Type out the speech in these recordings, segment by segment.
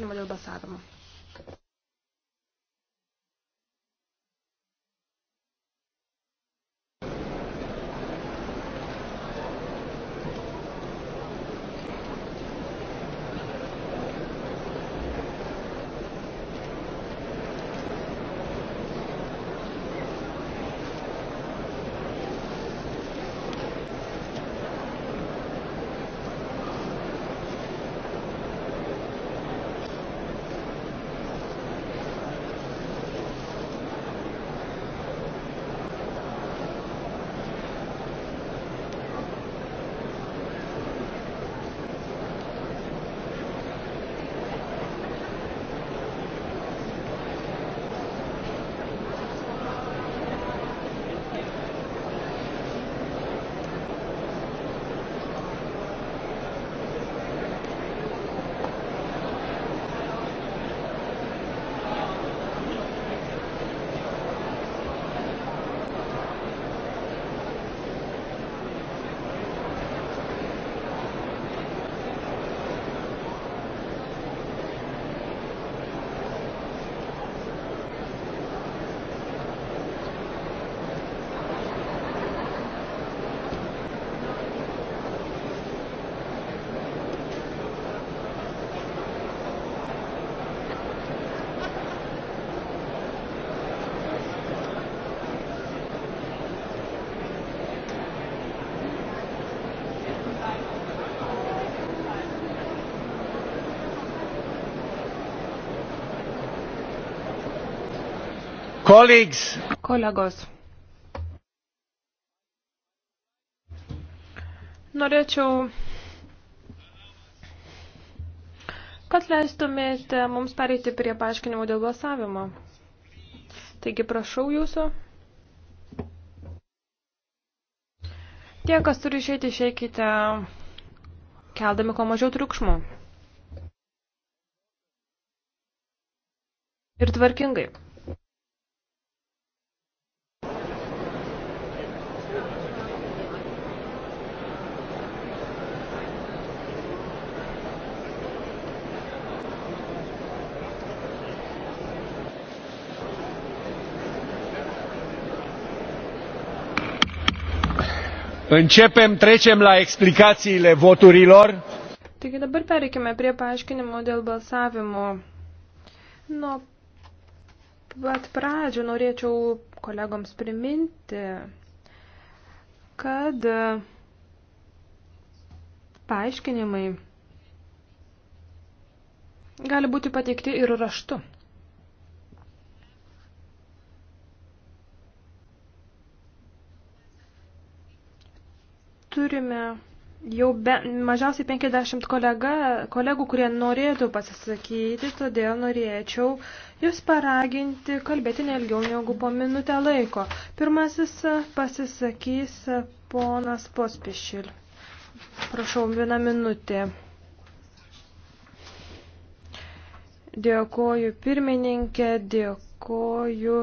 paaiškinimą dėl balsavimo. Colleagues. Kolegos. Norėčiau, kad leistumėte mums pereiti prie paaiškinimų dėl balsavimo. Taigi prašau jūsų. Tie, kas turi išėti, išeikite keldami kuo mažiau triukšmų. Ir tvarkingai. Începem, trecem la explicațiile voturilor. Taigi dabar pereikime prie paaiškinimo dėl balsavimo. Nuo pat pradžių norėčiau kolegoms priminti, kad paaiškinimai gali būti pateikti ir raštu. turime jau be, mažiausiai 50 kolega, kolegų, kurie norėtų pasisakyti, todėl norėčiau jūs paraginti kalbėti nelgiau negu po minutę laiko. Pirmasis pasisakys ponas Pospišil. Prašau, vieną minutę. Dėkoju pirmininkė, dėkoju.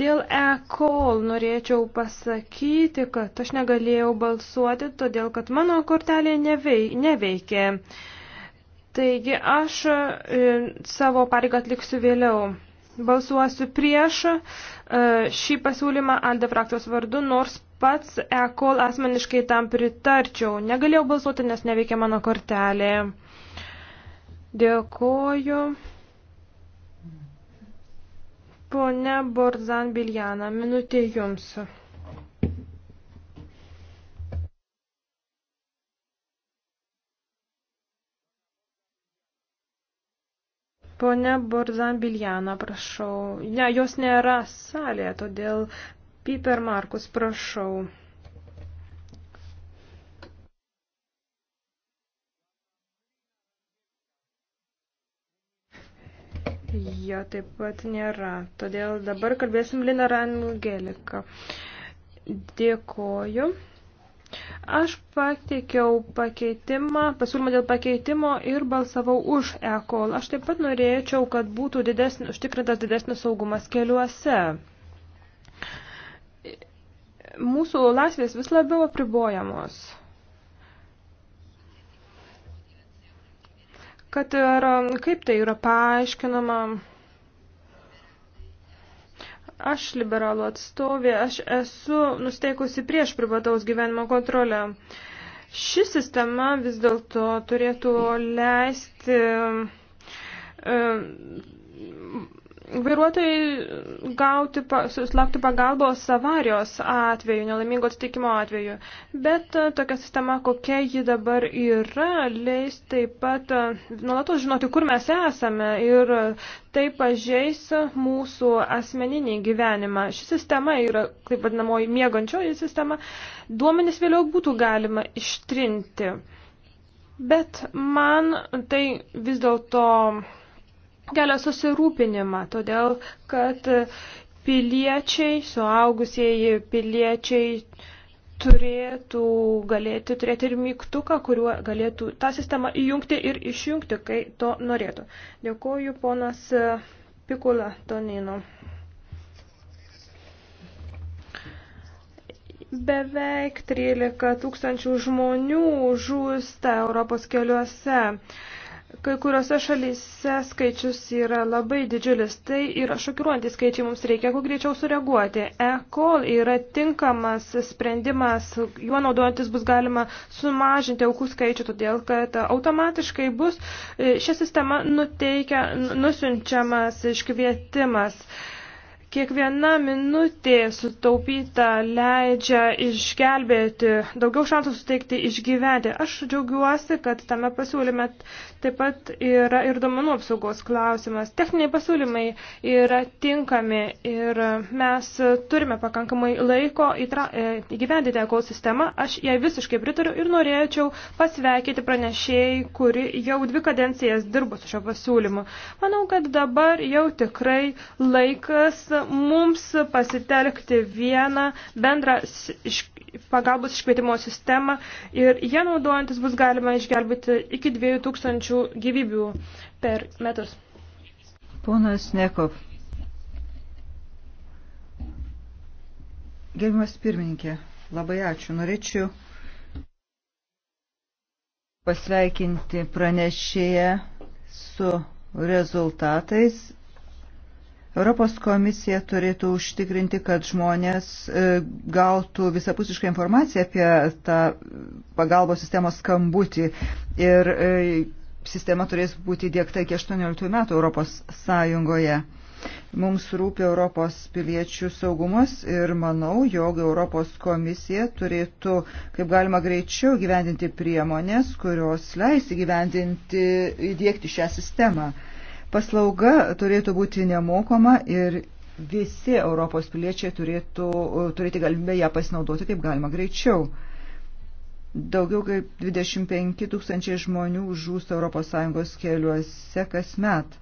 Dėl e-call norėčiau pasakyti, kad aš negalėjau balsuoti, todėl kad mano kortelė neveikė. Taigi aš e, savo pareigą atliksiu vėliau. Balsuosiu prieš e, šį pasiūlymą Alde frakcijos vardu, nors pats e-call asmeniškai tam pritarčiau. Negalėjau balsuoti, nes neveikė mano kortelė. Dėkoju. Pone Borzan Biljana, minutė jums. Pone Borzan Biljana, prašau. Ne, jos nėra salėje, todėl Piper Markus, prašau. Jo taip pat nėra. Todėl dabar kalbėsim Lina Rangelika. Dėkoju. Aš pateikiau pakeitimą, pasiūlymą dėl pakeitimo ir balsavau už e-call. Aš taip pat norėčiau, kad būtų didesnį, užtikrintas didesnis saugumas keliuose. Mūsų laisvės vis labiau apribojamos. kad ir um, kaip tai yra paaiškinama. Aš liberalų atstovė, aš esu nusteikusi prieš privataus gyvenimo kontrolę. Ši sistema vis dėlto turėtų leisti e, vairuotojai gauti, susilaukti pagalbos avarijos atveju, nelaimingo atsitikimo atveju. Bet e, tokia sistema, kokia ji dabar yra, leis taip pat e, nuolatos žinoti, kur mes esame ir e, tai pažeis mūsų asmeninį gyvenimą. Ši sistema yra, taip vadinamoji, miegančioji sistema. Duomenis vėliau būtų galima ištrinti. Bet man tai vis dėlto kelia susirūpinimą, todėl kad piliečiai, suaugusieji piliečiai turėtų galėti turėti ir mygtuką, kuriuo galėtų tą sistemą įjungti ir išjungti, kai to norėtų. Dėkuoju ponas Pikula Tonino. Beveik 13 tūkstančių žmonių žūsta Europos keliuose. Kai kuriuose šalyse skaičius yra labai didžiulis, tai yra šokiruojantys skaičiai, mums reikia kuo greičiau sureaguoti. E-call yra tinkamas sprendimas, juo naudojantis bus galima sumažinti aukų skaičių, todėl kad automatiškai bus e, šią sistemą nuteikia, nusiunčiamas iškvietimas. E, Kiekviena minutė sutaupyta leidžia išgelbėti, daugiau šansų suteikti išgyventi. Aš džiaugiuosi, kad tame pasiūlyme taip pat yra ir domenų apsaugos klausimas. Techniniai pasiūlymai yra tinkami ir mes turime pakankamai laiko e, įgyvendyti ekosistemą. Aš jai visiškai pritariu ir norėčiau pasveikyti pranešėjai, kuri jau dvi kadencijas dirbo su šio pasiūlymu. Manau, kad dabar jau tikrai laikas mums pasitelkti vieną bendrą pagalbos iškvietimo sistemą ir ją naudojantis bus galima išgelbėti iki 2000 gyvybių per metus. Ponas Nekov. Gerbimas pirmininkė, labai ačiū. Norėčiau pasveikinti pranešėją su rezultatais Europos komisija turėtų užtikrinti, kad žmonės e, gautų visapusišką informaciją apie tą pagalbos sistemos skambutį ir e, sistema turės būti dėkta iki 18 metų Europos Sąjungoje. Mums rūpi Europos piliečių saugumas ir manau, jog Europos komisija turėtų kaip galima greičiau gyvendinti priemonės, kurios leis įgyvendinti, įdėkti šią sistemą. Paslauga turėtų būti nemokoma ir visi Europos piliečiai turėtų turėti galimybę ją pasinaudoti kaip galima greičiau. Daugiau kaip 25 tūkstančiai žmonių žūsta ES keliuose kasmet.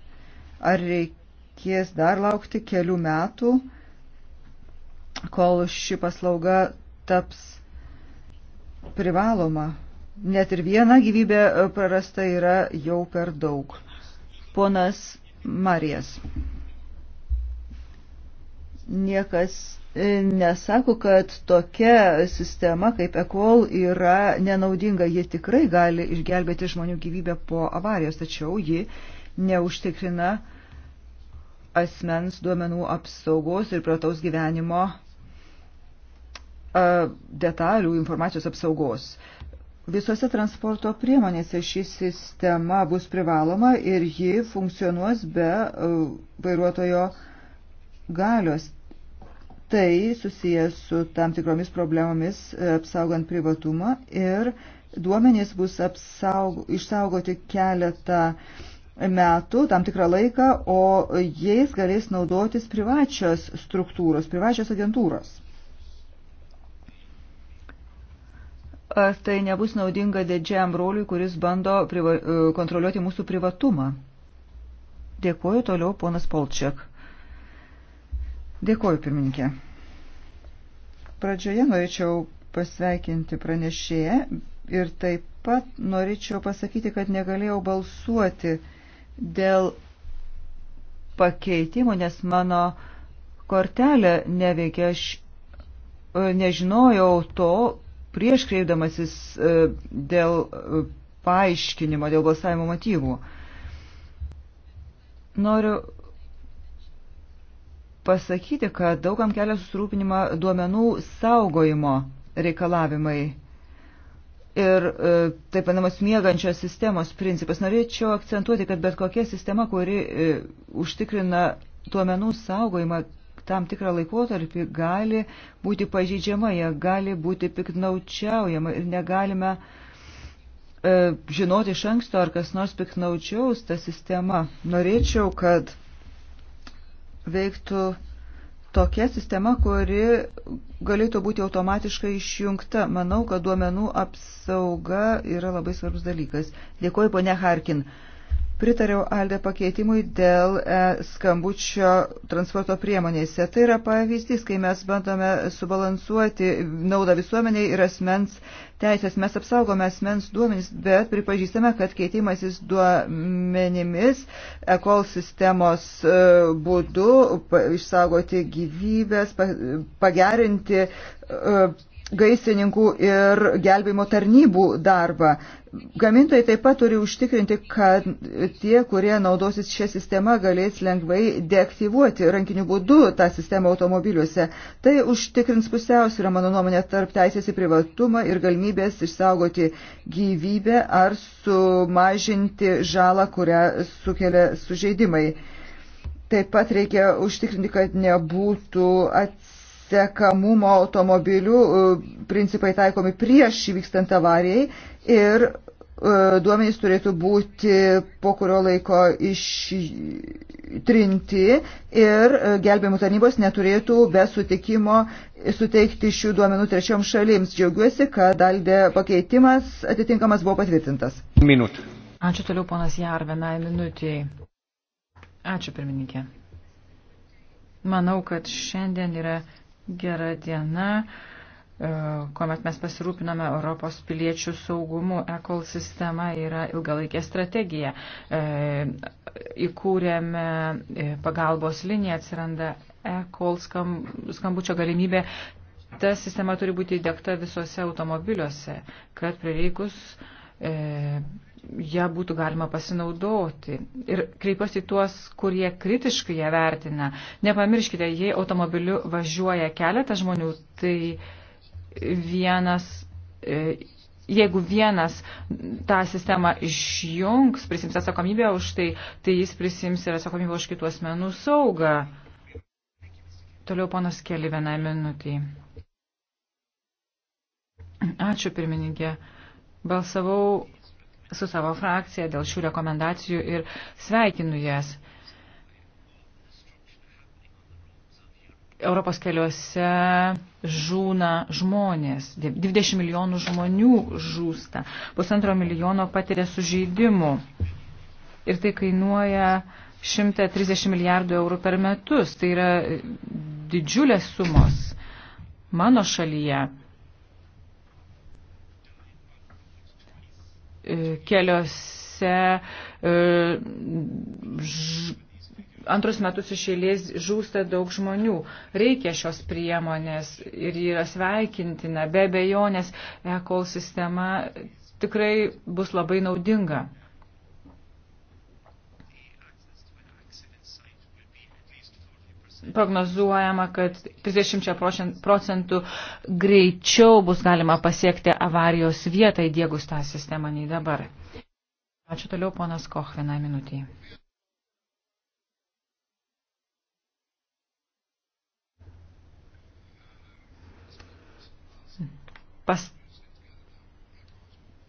Ar reikės dar laukti kelių metų, kol ši paslauga taps privaloma? Net ir viena gyvybė prarasta yra jau per daug. Ponas Marijas. Niekas e, nesako, kad tokia sistema kaip ECOL yra nenaudinga. Ji tikrai gali išgelbėti žmonių gyvybę po avarijos, tačiau ji neužtikrina asmens duomenų apsaugos ir prataus gyvenimo e, detalių informacijos apsaugos. Visose transporto priemonėse ši sistema bus privaloma ir ji funkcionuos be e, vairuotojo galios. Tai susijęs su tam tikromis problemomis e, apsaugant privatumą ir duomenys bus apsaugo, išsaugoti keletą metų, tam tikrą laiką, o jais galės naudotis privačios struktūros, privačios agentūros. ar tai nebus naudinga didžiam broliui, kuris bando priva, e, kontroliuoti mūsų privatumą. Dėkuoju toliau, ponas Polčiak. Dėkuoju, pirmininkė. Pradžioje norėčiau pasveikinti pranešėją ir taip pat norėčiau pasakyti, kad negalėjau balsuoti dėl pakeitimų, nes mano kortelė neveikia. Aš e, nežinojau to, prieš kreipdamasis e, dėl e, paaiškinimo, dėl balsavimo motyvų. Noriu pasakyti, kad daugam kelia susirūpinimą duomenų saugojimo reikalavimai ir e, taip vadinamos miegančios sistemos principas. Norėčiau akcentuoti, kad bet kokia sistema, kuri užtikrina duomenų saugojimą, tam tikrą laikotarpį gali būti pažydžiama, jie gali būti piknaučiaujama ir negalime e, žinoti iš anksto, ar kas nors piknaučiaus tą sistemą. Norėčiau, kad veiktų tokia sistema, kuri galėtų būti automatiškai išjungta. Manau, kad duomenų apsauga yra labai svarbus dalykas. Dėkuoju, ponia Harkin. E, Pritariau Alde pakeitimui dėl e, skambučio transporto priemonėse. Tai yra pavyzdys, kai mes bandome subalansuoti naudą visuomeniai ir asmens teisės. Mes apsaugome asmens duomenys, bet pripažįstame, kad keitimasis duomenimis ekol sistemos e, būdu išsaugoti gyvybės, pagerinti e, gaisininkų ir gelbėjimo tarnybų darbą. Gamintojai taip pat turi užtikrinti, kad tie, kurie naudosis šią sistemą, galės lengvai deaktyvuoti rankiniu būdu tą sistemą automobiliuose. Tai užtikrins pusiausvyrą, mano nuomonė, tarp teisės į privatumą ir galimybės išsaugoti gyvybę ar sumažinti žalą, kurią sukelia sužeidimai. Taip pat reikia užtikrinti, kad nebūtų atsitikti sekamumo automobilių e, principai taikomi prieš įvykstant avarijai ir e, duomenys turėtų būti po kurio laiko ištrinti ir e, gelbėjimų tarnybos neturėtų be sutikimo suteikti šių duomenų trečiom šalims. Džiaugiuosi, kad daldė pakeitimas atitinkamas buvo patvirtintas. Minut. Ačiū toliau, ponas Jar, vienai minutiai. Ačiū, pirmininkė. Manau, kad šiandien yra gera diena, e, kuomet mes pasirūpiname Europos piliečių saugumu. ECOL sistema yra ilgalaikė strategija. E, įkūrėme e, pagalbos liniją, atsiranda ECOL skambučio galimybė ta sistema turi būti įdėkta visuose automobiliuose, kad prireikus e, ją būtų galima pasinaudoti. Ir kreipiuosi tuos, kurie kritiškai ją vertina. Nepamirškite, jei automobiliu važiuoja keletas žmonių, tai vienas, e, jeigu vienas tą sistemą išjungs, prisims atsakomybę už tai, tai jis prisims ir atsakomybę už kitų asmenų saugą. Toliau ponas Keli vieną minutį. Ačiū pirmininkė. Balsavau su savo frakcija dėl šių rekomendacijų ir sveikinu jas. Europos keliuose žūna žmonės, 20 milijonų žmonių žūsta, pusantro milijono patiria sužeidimų ir tai kainuoja 130 milijardų eurų per metus, tai yra didžiulės sumos mano šalyje keliose e, ž, antrus metus išėlės žūsta daug žmonių. Reikia šios priemonės ir yra sveikintina, be abejonės e-call sistema tikrai bus labai naudinga. prognozuojama, kad 30 procentų greičiau bus galima pasiekti avarijos vietą įdėgus tą sistemą nei dabar. Ačiū toliau, ponas Koch, vieną minutį. Pas,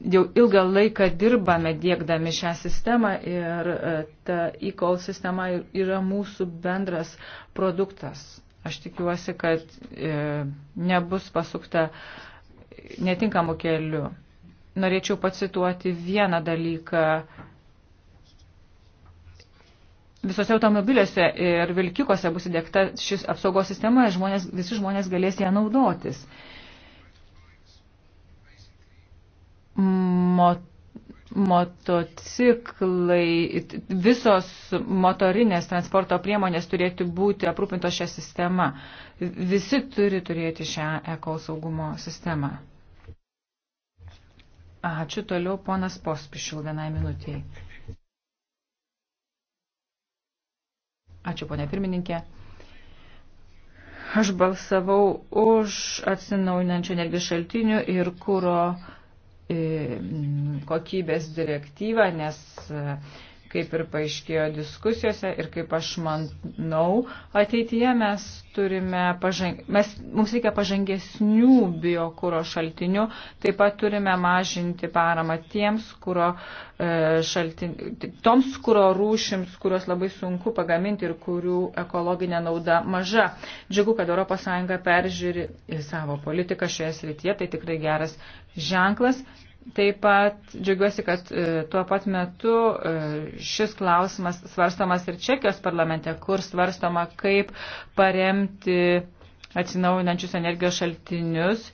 jau ilgą laiką dirbame dėkdami šią sistemą ir e, ta e-call sistema yra mūsų bendras produktas. Aš tikiuosi, kad e, nebus pasukta netinkamų kelių. Norėčiau pacituoti vieną dalyką. Visose automobiliuose ir vilkikose bus įdėkta šis apsaugos sistema ir žmonės, visi žmonės galės ją naudotis. E, mot motociklai, visos motorinės transporto priemonės turėtų būti aprūpintos šią sistemą. Visi turi turėti šią eko saugumo sistemą. Ačiū toliau ponas Pospišil vienai minutiai. Ačiū ponė pirmininkė. Aš balsavau už atsinaujinančių energijos šaltinių ir kūro uh, kokybės direktyvą, nes e, kaip ir paaiškėjo diskusijose ir kaip aš manau, ateityje mes turime, pažang... mes, mums reikia pažangesnių biokūro šaltinių, taip pat turime mažinti paramą tiems kūro e, šaltin... toms kūro rūšims, kurios labai sunku pagaminti ir kurių ekologinė nauda maža. Džiugu, kad ES peržiūri savo politiką šioje srityje, tai tikrai geras ženklas. Taip pat džiaugiuosi, kad e, tuo pat metu e, šis klausimas svarstomas ir Čekijos parlamente, kur svarstoma, kaip paremti atsinaujinančius energijos šaltinius.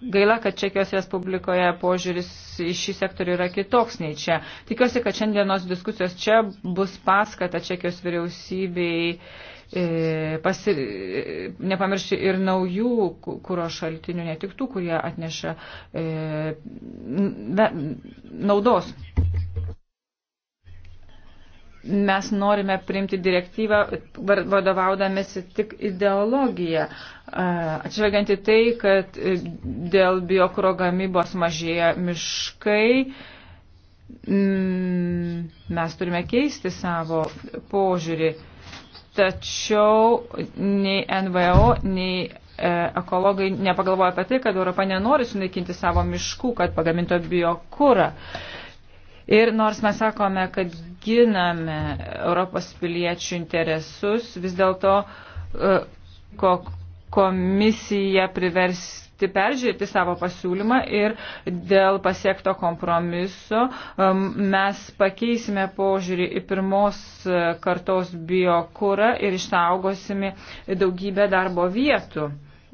Gaila, kad Čekijos Respublikoje požiūris į šį sektorių yra kitoks nei čia. Tikiuosi, kad šiandienos diskusijos čia bus paskata Čekijos vyriausybei E, pasi, e, nepamiršti ir naujų kūro šaltinių, ne tik tų, kurie atneša e, da, naudos. Mes norime priimti direktyvą vadovaudamėsi tik ideologiją, e, atžvelgiant į tai, kad dėl biokuro gamybos mažėja miškai, mes turime keisti savo požiūrį Tačiau nei NVO, nei e, ekologai nepagalvoja apie tai, kad Europa nenori sunaikinti savo miškų, kad pagaminto biokūrą. Ir nors mes sakome, kad giname Europos piliečių interesus, vis dėlto e, komisija privers pakeisti, peržiūrėti savo pasiūlymą ir dėl pasiekto kompromiso um, mes pakeisime požiūrį į pirmos e, kartos biokūrą ir išsaugosime daugybę darbo vietų.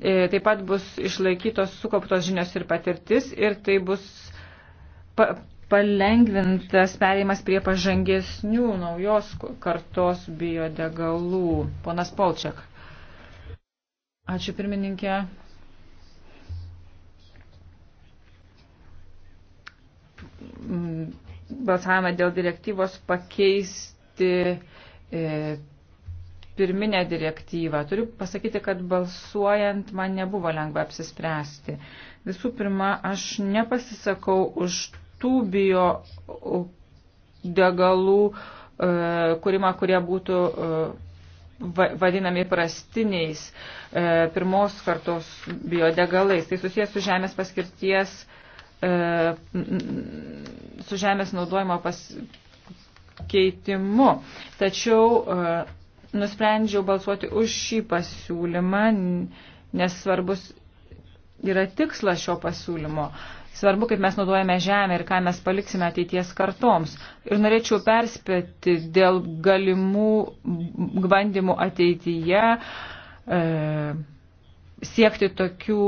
E, taip pat bus išlaikytos sukauptos žinios ir patirtis ir tai bus pa palengvintas perėjimas prie pažangesnių naujos kartos biodegalų. Ponas Polčiak. Ačiū pirmininkė. balsavimą dėl direktyvos pakeisti e, pirminę direktyvą. Turiu pasakyti, kad balsuojant man nebuvo lengva apsispręsti. Visų pirma, aš nepasisakau už tų bio degalų e, kūrimą, kurie būtų e, vadinami prastiniais pirmos kartos biodegalais. Tai susijęs su žemės paskirties uh, E, su žemės naudojimo pasikeitimu. Tačiau e, nusprendžiau balsuoti už šį pasiūlymą, nes svarbus yra tikslas šio pasiūlymo. Svarbu, kaip mes naudojame žemę ir ką mes paliksime ateities kartoms. Ir norėčiau perspėti dėl galimų bandymų ateityje. E, siekti tokių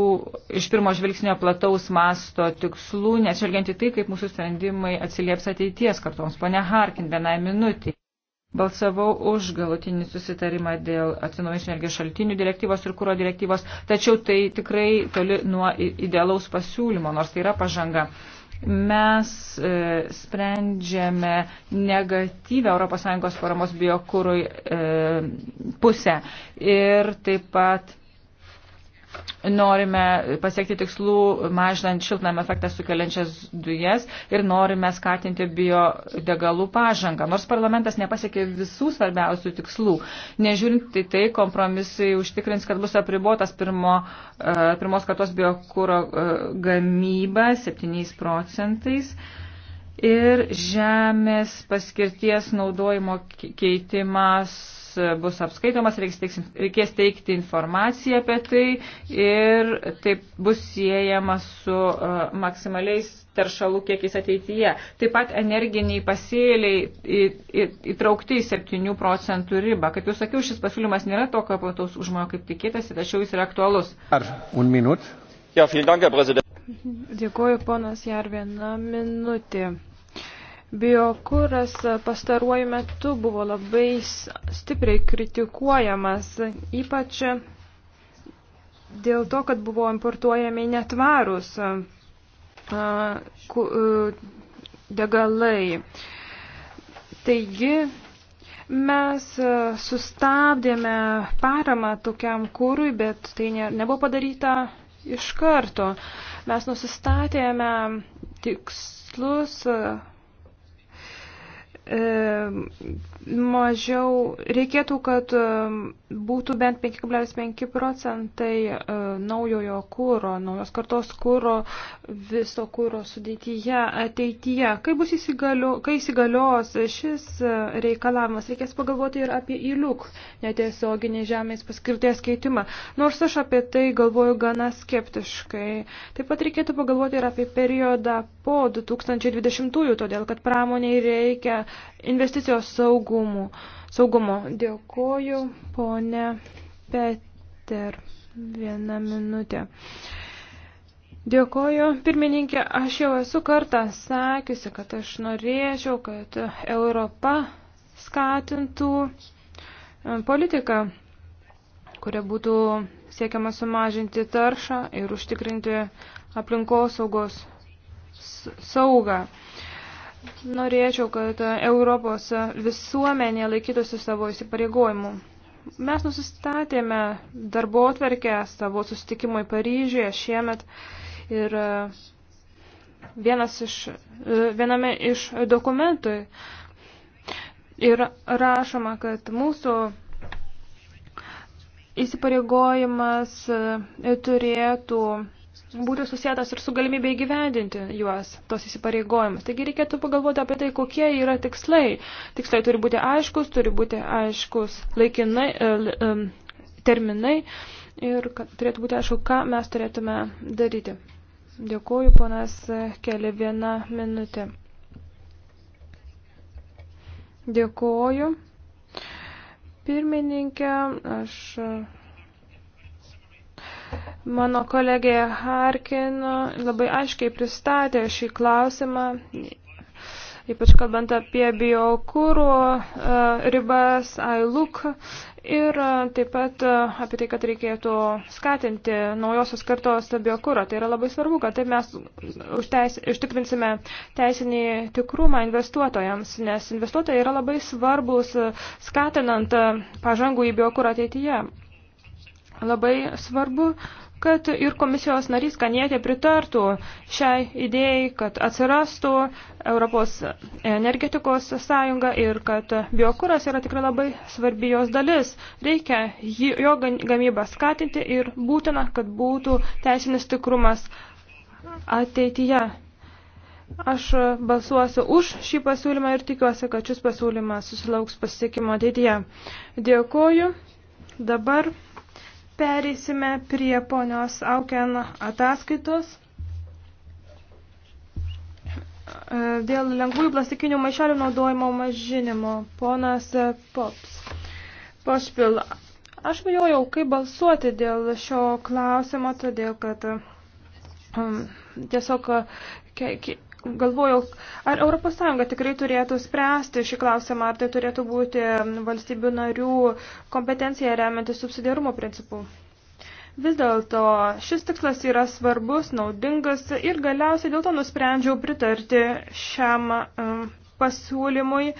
iš pirmo žvilgsnio plataus masto tikslų, nežvelgiant į tai, kaip mūsų sprendimai atsilieps ateities kartoms. Pone Harkin, vienai minutį. Balsavau už galutinį susitarimą dėl atsinaujinčių energijos šaltinių direktyvos ir kūro direktyvos, tačiau tai tikrai toli nuo idealaus pasiūlymo, nors tai yra pažanga. Mes e, sprendžiame negatyvę ES paramos biokūrui e, pusę ir taip pat norime pasiekti tikslų mažinant šiltnam efektą sukeliančias dujas ir norime skatinti biodegalų pažangą. Nors parlamentas nepasiekė visų svarbiausių tikslų, nežiūrint į tai, kompromisai užtikrins, kad bus apribotas pirmo, e, pirmos kartos biokūro e, gamyba 7 procentais. Ir žemės paskirties naudojimo keitimas bus apskaitomas, reikės teikti informaciją apie tai ir taip bus siejama su e, maksimaliais teršalų kiekiais ateityje. Taip pat energiniai pasėliai įtraukti į 7 procentų ribą. Kaip jau sakiau, šis pasiūlymas nėra tokio plataus užmojo, kaip tikėtasi, tačiau jis yra aktualus. Ar un minut? Ja, dank, Dėkuoju, ponas Jar, viena minutė. Biokuras pastaruoju metu buvo labai stipriai kritikuojamas, ypač dėl to, kad buvo importuojami netvarūs e, degalai. Taigi mes e, sustabdėme paramą tokiam kūrui, bet tai ne, nebuvo padaryta iš karto. Mes nusistatėme tikslus E, mažiau reikėtų, kad e, būtų bent 5,5 procentai e, naujojo kūro, naujos kartos kūro viso kūro sudėtyje ateityje. Kai, bus įsigaliu, kai įsigalios šis reikalavimas, reikės pagalvoti ir apie įliuk netiesioginį žemės paskirties keitimą. Nors aš apie tai galvoju gana skeptiškai. Taip pat reikėtų pagalvoti ir apie periodą po 2020, todėl kad pramoniai reikia investicijos saugumų. saugumo. Dėkoju, ponė Peter. Vieną minutę. Dėkoju, pirmininkė, aš jau esu kartą sakiusi, kad aš norėčiau, kad Europa skatintų e, politiką, kuria būtų siekiama sumažinti taršą ir užtikrinti aplinkosaugos saugą. Norėčiau, kad Europos visuomenė laikytųsi savo įsipareigojimų. Mes nusistatėme darbo atverkę savo susitikimui Paryžiuje šiemet ir e, vienas iš, e, viename iš dokumentų ir rašoma, kad mūsų įsipareigojimas e, turėtų būtų susijęs ir su galimybė įgyvendinti juos, tos įsipareigojimus. Taigi reikėtų pagalvoti apie tai, kokie yra tikslai. Tikslai turi būti aiškus, turi būti aiškus laikinai e, e, terminai ir kad, turėtų būti aišku, ką mes turėtume daryti. Dėkuoju, ponas Keli, vieną minutę. Dėkuoju. Pirmininkė, aš Mano kolegė Harkin labai aiškiai pristatė šį klausimą, ypač kalbant apie biokūrų e, ribas, ILUK ir taip pat apie tai, kad reikėtų skatinti naujosios kartos biokūrą. Tai yra labai svarbu, kad taip mes užteis, ištikrinsime teisinį tikrumą investuotojams, nes investuotojai yra labai svarbus skatinant pažangų į biokūrą ateityje. Labai svarbu uh, kad ir komisijos narys Kanietė pritartų šiai idėjai, kad atsirastų Europos energetikos sąjunga ir kad biokuras yra tikrai labai svarbi jos dalis. Reikia jo gamybą skatinti ir būtina, kad būtų teisinis tikrumas ateityje. Aš balsuosiu už šį pasiūlymą ir tikiuosi, kad šis pasiūlymas susilauks pasiekimo ateityje. Dėkoju. Dabar Pereisime prie ponios Auken ataskaitos. Dėl lengvųjų plastikinių maišelių naudojimo mažinimo. Ponas Pops. Pošpil. Aš bijojau, kaip balsuoti dėl šio klausimo, todėl kad um, tiesiog ke, ke, galvojau, ar ES tikrai turėtų spręsti šį klausimą, ar tai turėtų būti valstybių narių kompetencija remianti subsidiarumo principų. Vis dėlto šis tikslas yra svarbus, naudingas ir galiausiai dėl to nusprendžiau pritarti šiam um, pasiūlymui.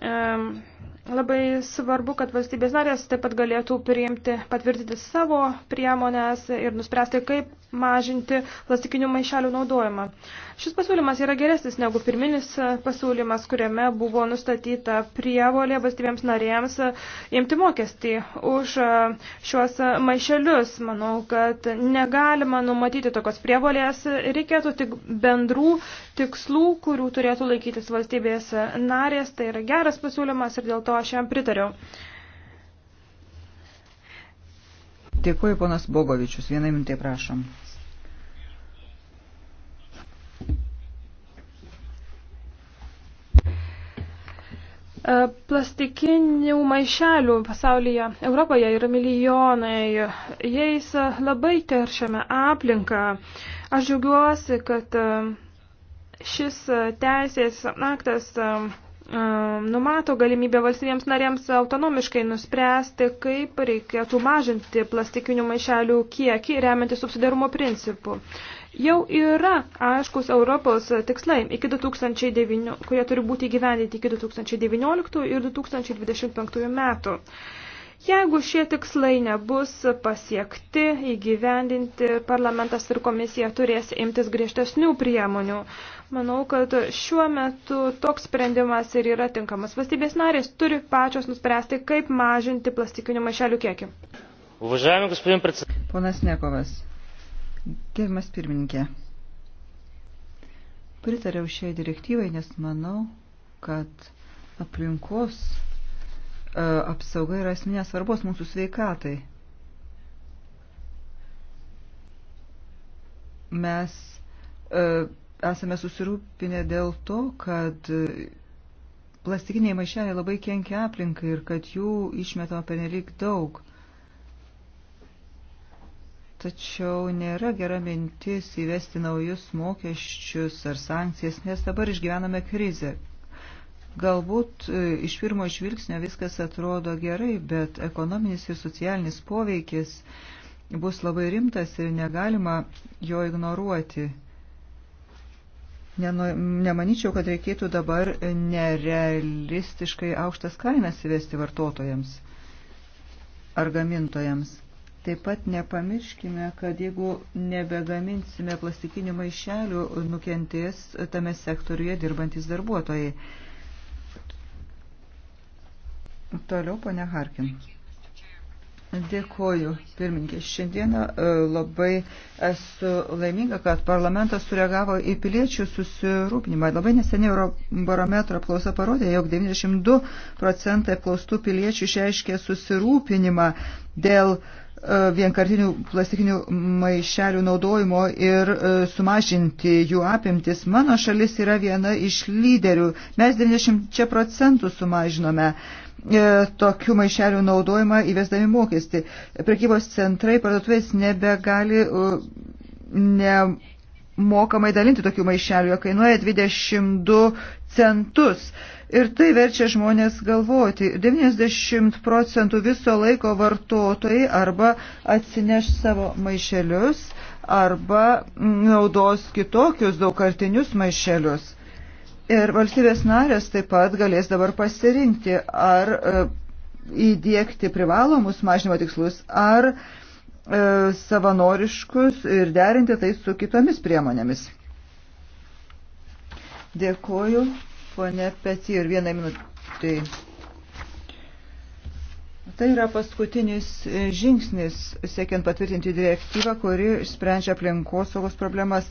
Um, labai svarbu, kad valstybės narės taip pat galėtų priimti, patvirtinti savo priemonės ir nuspręsti, kaip mažinti plastikinių maišelių naudojimą. Uh, Šis pasiūlymas yra geresnis negu pirminis pasiūlymas, kuriame buvo nustatyta prievolė valstybėms narėms imti mokestį už šiuos maišelius. Manau, kad negalima numatyti tokios prievolės, reikėtų tik bendrų tikslų, kurių turėtų laikytis valstybės narės. Tai yra geras pasiūlymas ir dėl to aš jam pritariau. Dėkuoju, ponas Bogovičius. Vieną minutę prašom. E, plastikinių maišelių pasaulyje, Europoje yra milijonai, jais labai teršiame aplinką. Aš džiaugiuosi, kad e, šis teisės aktas e, numato galimybę valstybėms narėms autonomiškai nuspręsti, kaip reikėtų mažinti plastikinių maišelių kiekį remiantis subsidarumo principu. Jau yra aiškus Europos tikslai, iki 2009, kurie turi būti įgyvendinti iki 2019 ir 2025 metų. Jeigu šie tikslai nebus pasiekti, įgyvendinti, parlamentas ir komisija turės imtis griežtesnių priemonių. Manau, kad šiuo metu toks sprendimas ir yra tinkamas. Valstybės narės turi pačios nuspręsti, kaip mažinti plastikinių maišelių kiekį. Ponas Nekovas. Gerbimas pirmininkė, pritariau šiai direktyvai, nes manau, kad aplinkos E, apsauga yra esminės svarbos mūsų sveikatai. Mes e, esame susirūpinę dėl to, kad plastikiniai maišeliai labai kenkia aplinkai ir kad jų išmetama pernelyg daug. Tačiau nėra gera mintis įvesti naujus mokesčius ar sankcijas, nes dabar išgyvename krizę. Galbūt e, iš pirmo žvilgsnio viskas atrodo gerai, bet ekonominis ir socialinis poveikis bus labai rimtas ir negalima jo ignoruoti. Nenu, nemanyčiau, kad reikėtų dabar nerealistiškai aukštas kainas įvesti vartotojams ar gamintojams. Taip pat nepamirškime, kad jeigu nebegaminsime plastikinių maišelių, nukentės tame sektoriuje dirbantis darbuotojai. Toliau, ponia Harkin. Dėkoju, pirmininkė. Šiandieną e, labai esu laiminga, kad parlamentas sureagavo į piliečių susirūpinimą. Labai neseniai Eurobarometro apklausa parodė, jog 92 procentai apklaustų piliečių išreiškė susirūpinimą dėl e, vienkartinių plastikinių maišelių naudojimo ir e, sumažinti jų apimtis. Mano šalis yra viena iš lyderių. Mes 90 procentų sumažinome. E, tokių maišelių naudojimą įvesdami mokestį. Prekybos centrai, parduotuvės nebegali e, nemokamai dalinti tokių maišelių, jie kainuoja 22 centus. Ir tai verčia žmonės galvoti. 90 procentų viso laiko vartotojai arba atsineš savo maišelius, arba naudos kitokius daugkartinius maišelius. Ir valstybės narės taip pat galės dabar pasirinkti, ar e, įdėkti privalomus mažinimo tikslus, ar e, savanoriškus ir derinti tai su kitomis priemonėmis. Dėkuoju, ponė Peti, ir vieną minutę. Tai yra paskutinis žingsnis, siekiant patvirtinti direktyvą, kuri sprendžia aplinkosaugos problemas.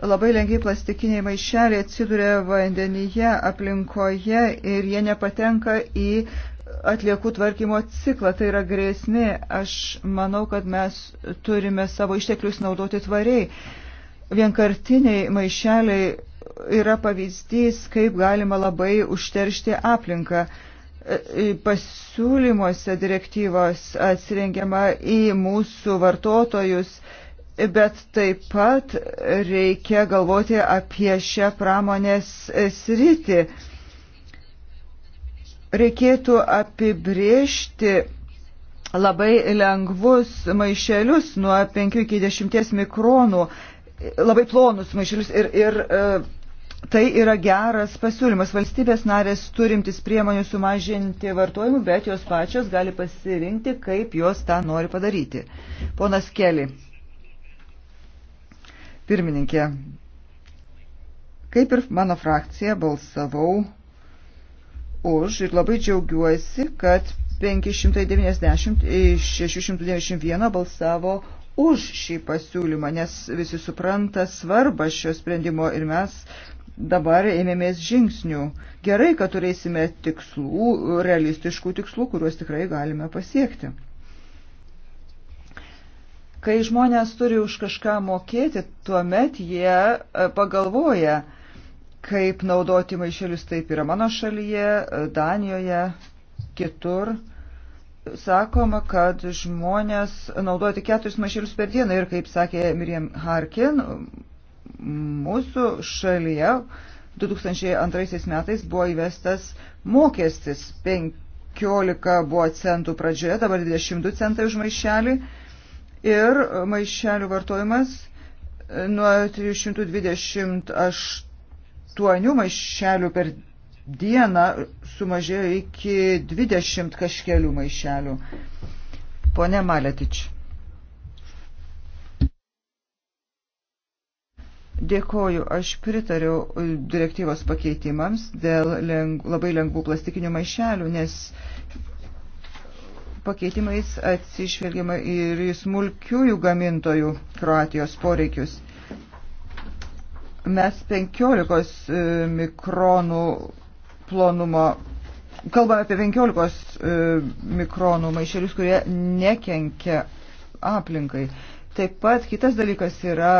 Labai lengvi plastikiniai maišeliai atsiduria vandenyje, aplinkoje ir jie nepatenka į atliekų tvarkymo ciklą. Tai yra grėsmė. Aš manau, kad mes turime savo išteklius naudoti tvariai. Vienkartiniai maišeliai yra pavyzdys, kaip galima labai užteršti aplinką e, e, pasiūlymuose direktyvos atsirengiama į mūsų vartotojus Bet taip pat reikia galvoti apie šią pramonės sritį. Reikėtų apibriežti labai lengvus maišelius nuo 5 iki 10 mikronų, labai plonus maišelius ir, ir e, tai yra geras pasiūlymas. Valstybės narės turimtis priemonių sumažinti vartojimą, bet jos pačios gali pasirinkti, kaip jos tą nori padaryti. Ponas Keli. Pirmininkė, kaip ir mano frakcija balsavau už ir labai džiaugiuosi, kad 590 iš 691 balsavo už šį pasiūlymą, nes visi supranta svarbą šio sprendimo ir mes dabar ėmėmės žingsnių. Gerai, kad turėsime tikslų, realistiškų tikslų, kuriuos tikrai galime pasiekti. Kai žmonės turi už kažką mokėti, tuomet jie e, pagalvoja, kaip naudoti maišelius. Taip yra mano šalyje, e, Danijoje, kitur. Sakoma, kad žmonės naudoja tik keturis maišelius per dieną ir, kaip sakė Miriam Harkin, mūsų šalyje 2002 metais buvo įvestas mokestis 15 buvo centų pradžioje, dabar 22 centai už maišelį ir maišelių vartojimas e, nuo 328 maišelių per dieną sumažėjo iki 20 kažkelių maišelių. Pone Maletič. Dėkoju, aš pritariu direktyvos pakeitimams dėl leng, labai lengvų plastikinių maišelių, nes pakeitimais atsižvelgiama ir į smulkiųjų gamintojų Kroatijos poreikius. Mes 15 e, mikronų plonumo, kalbame apie 15 e, mikronų maišelius, kurie nekenkia aplinkai. Taip pat kitas dalykas yra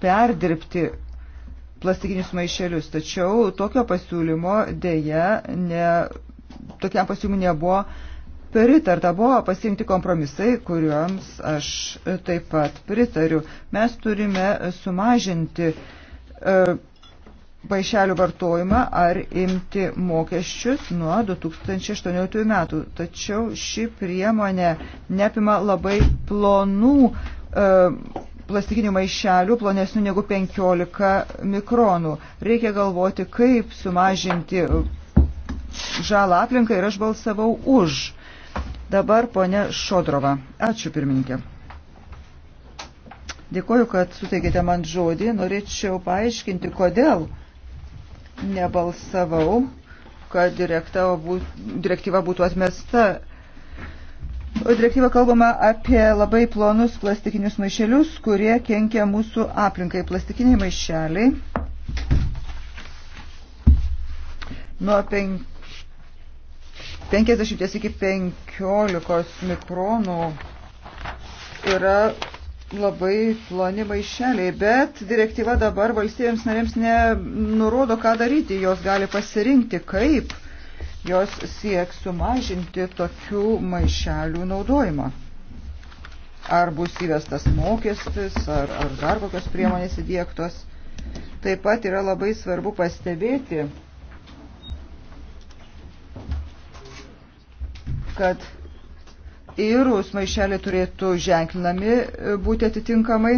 perdirbti plastikinius maišelius, tačiau tokio pasiūlymo dėja ne, tokiam pasiūlymui nebuvo pritarta buvo pasimti kompromisai, kuriuoms aš taip pat pritariu. Mes turime sumažinti e, paaišelių vartojimą ar imti mokesčius nuo 2018 metų. Tačiau ši priemonė neapima labai plonų e, plastikinių maišelių plonesnių negu 15 mikronų. Reikia galvoti, kaip sumažinti žalą aplinką ir aš balsavau už Dabar ponė Šodrova. Ačiū pirmininkė. Dėkoju, kad suteikėte man žodį. Norėčiau paaiškinti, kodėl nebalsavau, kad direktyva būtų atmesta. Direktyva kalbama apie labai plonus plastikinius maišelius, kurie kenkia mūsų aplinkai. Plastikiniai maišeliai nuo 5 50 iki 15 mikronų yra labai ploni maišeliai, bet direktyva dabar valstybėms narėms nenurodo, ką daryti, jos gali pasirinkti, kaip jos sieks sumažinti tokių maišelių naudojimą. Ar bus įvestas mokestis, ar, ar dar kokios priemonės įdėktos. Taip pat yra labai svarbu pastebėti, kad įrus maišeliai turėtų ženklinami e, būti atitinkamai.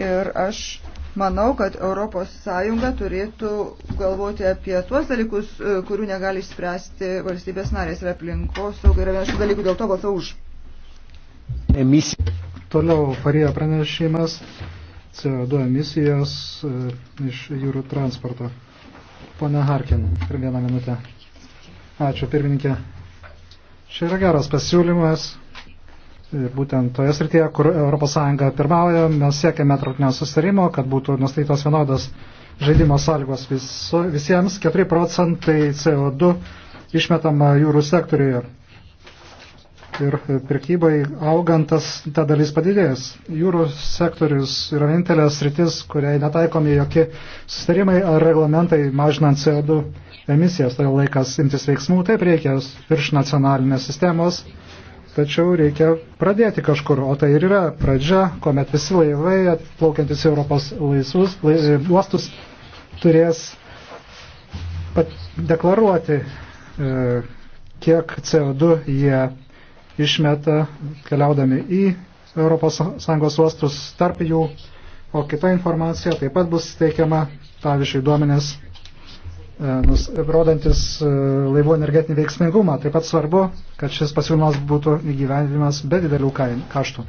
Ir aš manau, kad ES turėtų galvoti apie tuos dalykus, e, kurių negali išspręsti valstybės narės ir aplinkos saugai. Yra vienas dalykų, dėl to balsau už. Emisija. Toliau parėjo pranešimas CO2 emisijos e, iš jūrų transporto. Pone Harkin, per vieną minutę. Ačiū, pirmininkė. Čia yra geras pasiūlymas. Būtent toje srityje, kur ES pirmauja, mes siekiame tarptautinio sustarimo, kad būtų nustatytos vienodas žaidimo sąlygos viso, visiems. 4 procentai CO2 išmetama jūrų sektoriuje. Ir prekybai augantas ta dalis padidės. Jūrų sektorius yra vienintelės sritis, kuriai netaikomi jokie sustarimai ar reglamentai mažinant CO2 emisijas, tai laikas imtis veiksmų, taip reikia virš nacionalinės sistemos, tačiau reikia pradėti kažkur, o tai ir yra pradžia, kuomet visi laivai atplaukiantis Europos laisvus, lai, e, uostus turės deklaruoti, e, kiek CO2 jie išmeta keliaudami į ES uostus tarp jų, o kita informacija taip pat bus teikiama, pavyzdžiui, duomenės E, rodantis e, laivų energetinį veiksmingumą. Taip pat svarbu, kad šis pasiūlymas būtų įgyvendinimas be didelių kaštų.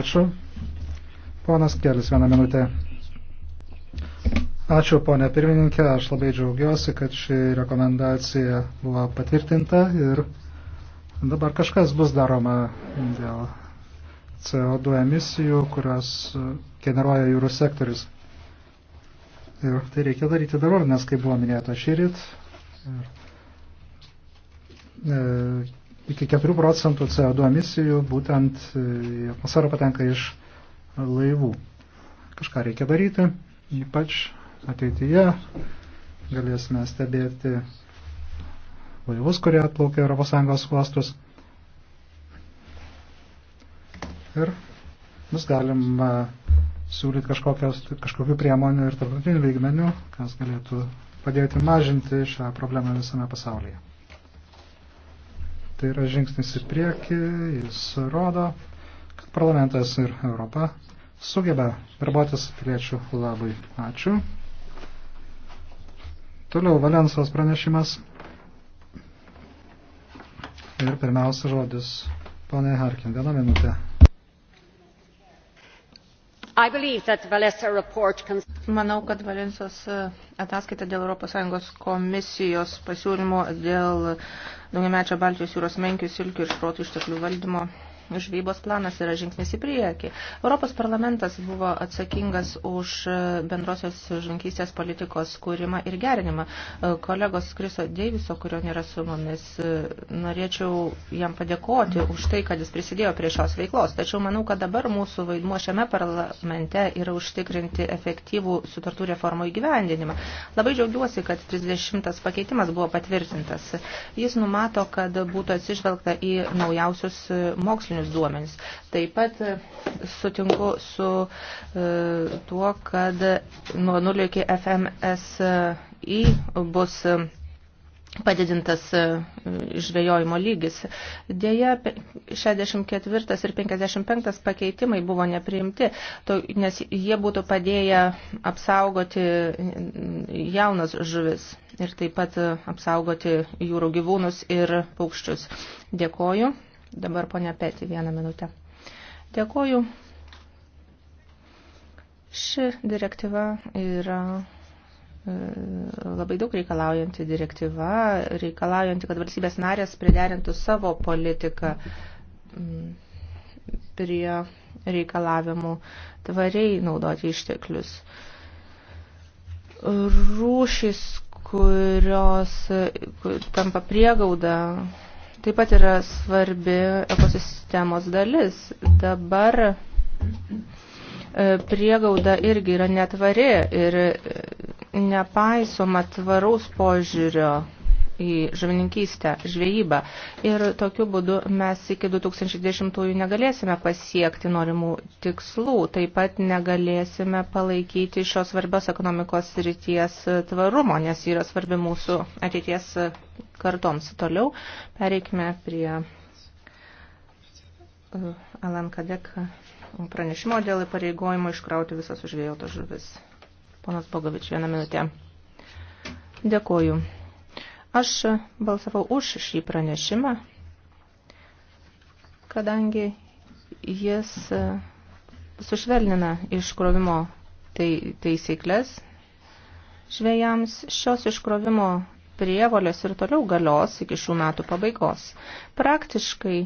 Ačiū. Ponas Kelis, vieną minutę. Ačiū, ponė pirmininkė. Aš labai džiaugiuosi, kad ši rekomendacija buvo patvirtinta ir dabar kažkas bus daroma dėl CO2 emisijų, kurios e, generuoja jūrų sektorius. Ir tai reikia daryti dabar, nes kaip buvo minėta šįryt, e, iki 4 procentų CO2 emisijų būtent e, į atmosferą patenka iš laivų. Kažką reikia daryti, ypač ateityje galėsime stebėti laivus, kurie atplaukia Europos Sąjungos uostus. Ir bus galima siūlyti kažkokių priemonių ir tarptautinių lygmenių, kas galėtų padėti mažinti šią problemą visame pasaulyje. Tai yra žingsnis į priekį, jis rodo, kad parlamentas ir Europa sugeba darbuotis piliečių labai. Ačiū. Toliau Valensos pranešimas. Ir pirmiausia žodis, ponė Harkin, vieną minutę. Manau, kad Valensos e, ataskaita dėl ES komisijos pasiūlymo dėl daugiamečio Baltijos jūros menkių silkių ir šprotų išteklių valdymo žvejybos planas yra žingsnis į priekį. Europos parlamentas buvo atsakingas už e, bendrosios žvinkystės politikos kūrimą ir gerinimą. E, kolegos Kriso Deiviso, kurio nėra su mumis, e, norėčiau jam padėkoti už tai, kad jis prisidėjo prie šios veiklos. Tačiau manau, kad dabar mūsų vaidmuo šiame parlamente yra užtikrinti efektyvų sutartų reformų įgyvendinimą. Labai džiaugiuosi, kad 30 pakeitimas buvo patvirtintas. Jis numato, kad būtų atsižvelgta į naujausius mokslinius statistinius duomenis. Taip pat e, sutinku su e, tuo, kad nuo 0 iki FMSI bus e, padidintas žvejojimo lygis. Dėja, 64 ir 55 pakeitimai buvo nepriimti, nes jie būtų padėję apsaugoti jaunas žuvis ir taip pat apsaugoti jūrų gyvūnus ir paukščius. Dėkoju. Dabar ponia Peti vieną minutę. Dėkoju. Ši direktyva yra e, labai daug reikalaujanti direktyva, reikalaujanti, kad valstybės narės priderintų savo politiką mm, prie reikalavimų tvariai naudoti išteklius. Rūšis, kurios tampa priegauda taip pat yra svarbi ekosistemos dalis. Dabar e, priegauda irgi yra netvari ir e, nepaisoma tvaraus požiūrio į žuvininkystę, žvejybą. Ir tokiu būdu mes iki 2010-ųjų negalėsime pasiekti norimų tikslų, taip pat negalėsime palaikyti šios svarbios ekonomikos ryties tvarumo, nes yra svarbi mūsų ateities kartoms. Toliau pereikime prie uh, Alan Kadek pranešimo dėl įpareigojimo iškrauti visas užvėjotas žuvis. Ponas Bogovič, vieną minutę. Dėkoju. Aš balsavau už šį pranešimą, kadangi jis e, sušvelnina iškrovimo tai, taisyklės žvėjams. Šios iškrovimo prievolės ir toliau galios iki šių metų pabaigos. Praktiškai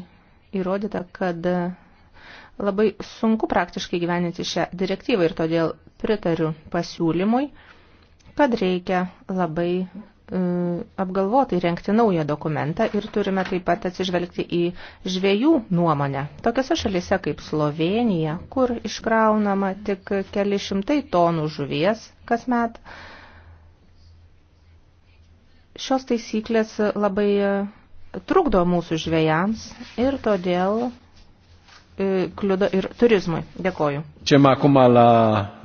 įrodyta, kad e, labai sunku praktiškai gyveninti šią direktyvą ir todėl pritariu pasiūlymui, kad reikia labai apgalvotai renkti naują dokumentą ir turime taip pat atsižvelgti į žvėjų nuomonę. Tokiose šalise kaip Slovenija, kur iškraunama tik keli šimtai tonų žuvies kasmet, šios taisyklės labai trukdo mūsų žvėjams ir todėl e, kliudo ir turizmui. Dėkoju. Čia makumala.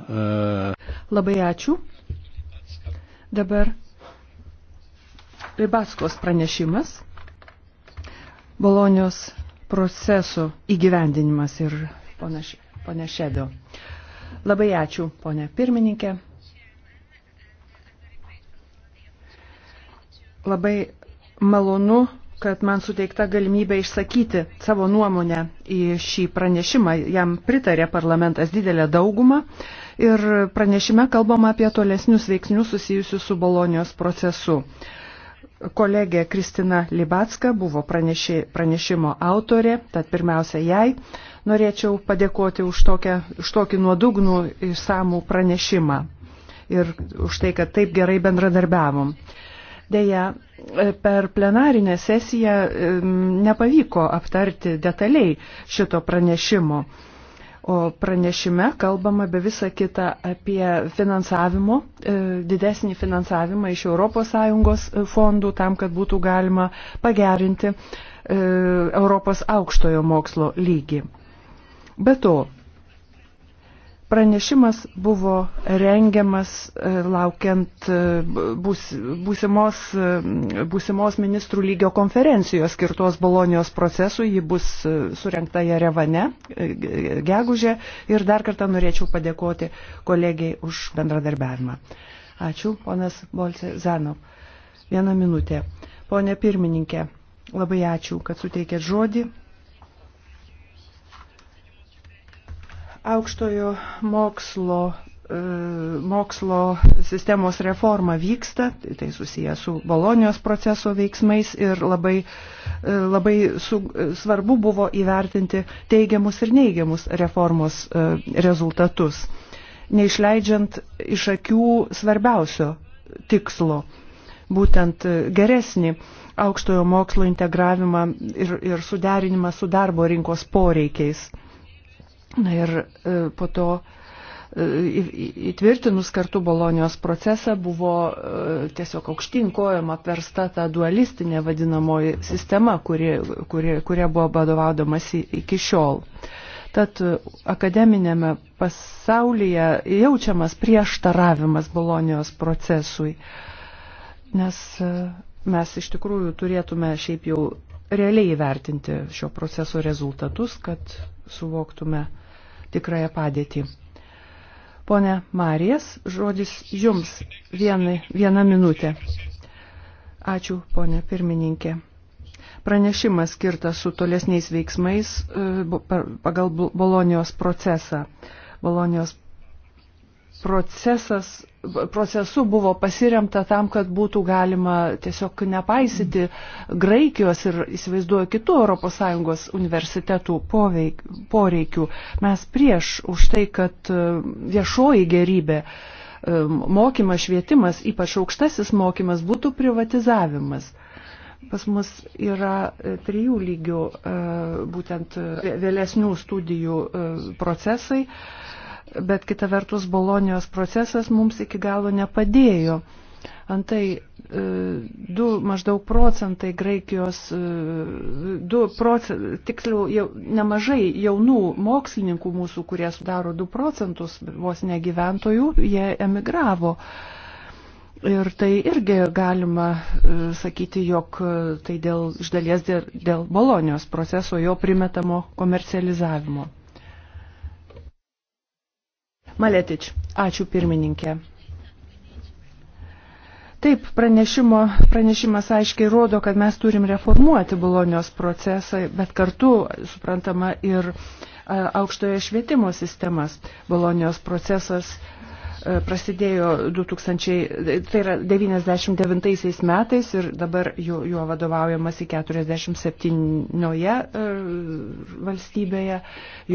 Uh... E, labai ačiū. Dabar Ribaskos pranešimas, Bolonijos procesų įgyvendinimas ir ponė Šedo. Labai ačiū, ponė pirmininkė. Labai malonu kad man suteikta galimybė išsakyti savo nuomonę į šį pranešimą. Jam pritarė parlamentas didelę daugumą ir pranešime kalbama apie tolesnius veiksnius susijusius su Bolonijos procesu. Kolegė Kristina Libacka buvo pranešė, pranešimo autorė, tad pirmiausia jai norėčiau padėkoti už, tokią, už tokį nuodugnų įsamų pranešimą ir už tai, kad taip gerai bendradarbiavom. Deja, per plenarinę sesiją nepavyko aptarti detaliai šito pranešimo O pranešime kalbama be visą kitą apie finansavimo, e, didesnį finansavimą iš ES e, fondų tam, kad būtų galima pagerinti e, Europos aukštojo mokslo lygį. Be to, Pranešimas buvo rengiamas e, laukiant e, būs, būsimos, e, būsimos ministrų lygio konferencijos skirtos Bolonijos procesui. Ji bus surinkta Jerevane gegužė. Ir dar kartą norėčiau padėkoti kolegiai už bendradarbiavimą. Ačiū, ponas Bolse Zanov. Vieną minutę. Pone pirmininkė, labai ačiū, kad suteikėt žodį. aukštojo mokslo e, mokslo sistemos reforma vyksta, tai, tai susiję su Bolonijos proceso veiksmais ir labai, e, labai su, svarbu buvo įvertinti teigiamus ir neigiamus reformos e, rezultatus, neišleidžiant iš akių svarbiausio tikslo, būtent geresnį aukštojo mokslo integravimą ir, ir suderinimą su darbo rinkos poreikiais Na ir e, po to e, įtvirtinus kartu Bolonijos procesą buvo e, tiesiog aukštinkojama apversta ta dualistinė vadinamoji sistema, kuri, kuri, kurie buvo vadovaudamas iki šiol. Tad akademinėme pasaulyje jaučiamas prieštaravimas Bolonijos procesui, nes mes iš tikrųjų turėtume šiaip jau realiai įvertinti šio proceso rezultatus, kad suvoktume, tikrąją padėtį. Pone Marijas, žodis jums vienai, vieną minutę. Ačiū, ponė pirmininkė. Pranešimas skirtas su tolesniais veiksmais e, pagal Bolonijos procesą. Bolonijos procesas, procesu buvo pasiremta tam, kad būtų galima tiesiog nepaisyti Graikijos ir įsivaizduoju kitų ES universitetų poveik, poreikių. Mes prieš už tai, kad e, viešoji gerybė, e, mokymas, švietimas, ypač aukštasis mokymas būtų privatizavimas pas mus yra e, trijų lygių būtent vėlesnių studijų procesai bet kita vertus Bolonijos procesas mums iki galo nepadėjo. Antai 2 e, maždaug procentai Graikijos, 2 e, procentai, tiksliau jau, nemažai jaunų mokslininkų mūsų, kurie sudaro 2 procentus vos negyventojų, jie emigravo. Ir tai irgi galima e, sakyti, jog tai dėl, iš dalies dėl, dėl Bolonijos proceso, jo primetamo komercializavimo. Maletič. Ačiū pirmininkė. Taip, pranešimo, pranešimas aiškiai rodo, kad mes turim reformuoti Bolonijos procesą, bet kartu, suprantama, ir aukštojo švietimo sistemas. Bolonijos procesas E, prasidėjo 2000, tai yra 99 metais ir dabar juo, juo vadovaujamas į 47 valstybėje.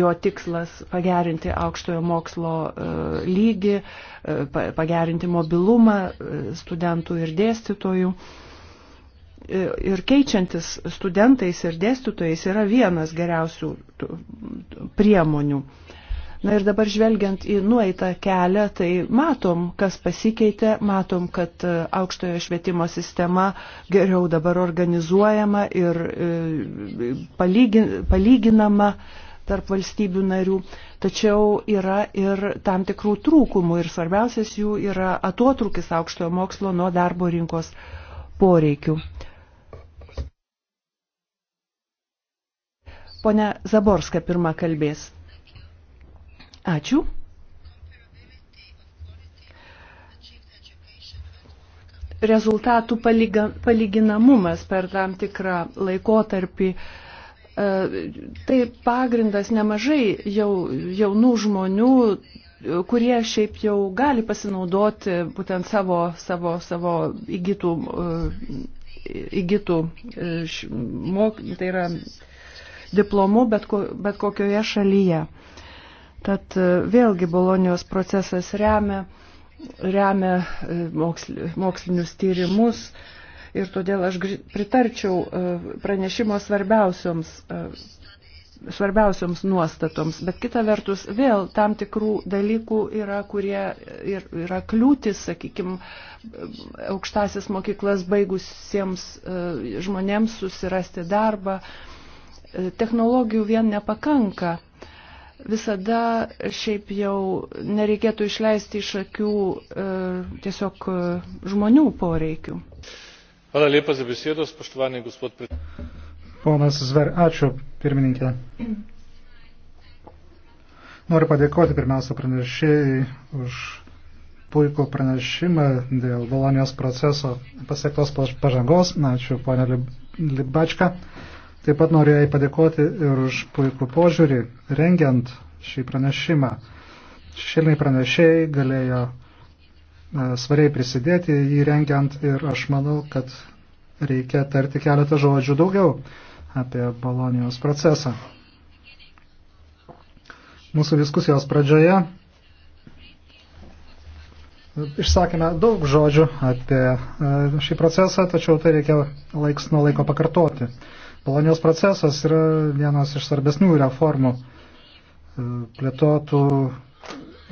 Jo tikslas pagerinti aukštojo mokslo e, lygį, e, pagerinti mobilumą studentų ir dėstytojų ir keičiantis studentais ir dėstytojais yra vienas geriausių priemonių. Na ir dabar žvelgiant į nueitą kelią, tai matom, kas pasikeitė, matom, kad e, aukštojo švietimo sistema geriau dabar organizuojama ir e, palyginama tarp valstybių narių, tačiau yra ir tam tikrų trūkumų ir svarbiausias jų yra atotrukis aukštojo mokslo nuo darbo rinkos poreikių. Pone Zaborska pirmą kalbės. Ačiū. Rezultatų palyginamumas per tam tikrą laikotarpį e, tai pagrindas nemažai jau, jaunų žmonių, kurie šiaip jau gali pasinaudoti būtent savo, savo, savo įgytų, e, įgytų e, mok, tai yra diplomų bet, ko, bet kokioje šalyje. Tad e, vėlgi Bolonijos procesas remia, remia e, mokslinius tyrimus ir todėl aš pritarčiau e, pranešimo svarbiausioms svarbiausioms nuostatoms, bet kita vertus vėl tam tikrų dalykų yra, kurie ir, yra kliūtis, sakykime, aukštasis mokyklas baigusiems žmonėms susirasti darbą. Technologijų vien nepakanka visada šiaip jau nereikėtų išleisti iš akių e, tiesiog e, žmonių poreikių. Hvala lepa za besedo, spoštovani gospod predsednik. Ponas Zver, ačiū pirmininkė. Noriu padėkoti pirmiausia pranešėjai už puikų pranešimą dėl Bolonijos proceso pasiektos pažangos. Ačiū, ponė Libačka. Lib Taip pat noriu jai padėkoti ir už puikų požiūrį, rengiant šį pranešimą. Šešėliniai pranešėjai galėjo e, svariai prisidėti jį rengiant ir aš manau, kad reikia tarti keletą žodžių daugiau apie Bolonijos procesą. Mūsų diskusijos pradžioje Išsakėme daug žodžių apie e, šį procesą, tačiau tai reikia laiks nuo laiko pakartoti. Polonijos procesas yra vienas iš svarbesnių reformų e, plėtotų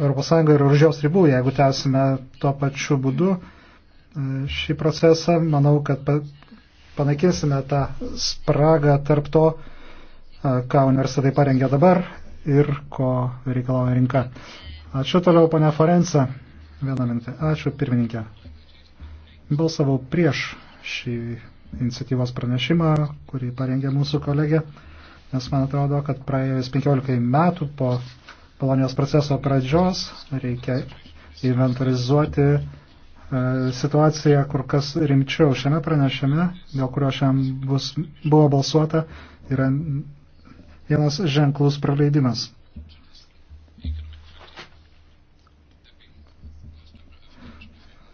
ES ir už jos ribų. Jeigu tęsime tuo pačiu būdu e, šį procesą, manau, kad panaikinsime tą spragą tarp to, e, ką universitetai parengė dabar ir ko reikalauja rinka. Ačiū toliau, ponia Forensa. Vieną mintį. Ačiū, pirmininkė. Balsavau prieš šį iniciatyvos pranešimą, kurį parengė mūsų kolegė, nes man atrodo, kad praėjus 15 metų po Polonijos proceso pradžios reikia inventorizuoti e, situaciją kur kas rimčiau. Šiame pranešime, dėl kurio šiam bus, buvo balsuota, yra vienas ženklus praleidimas.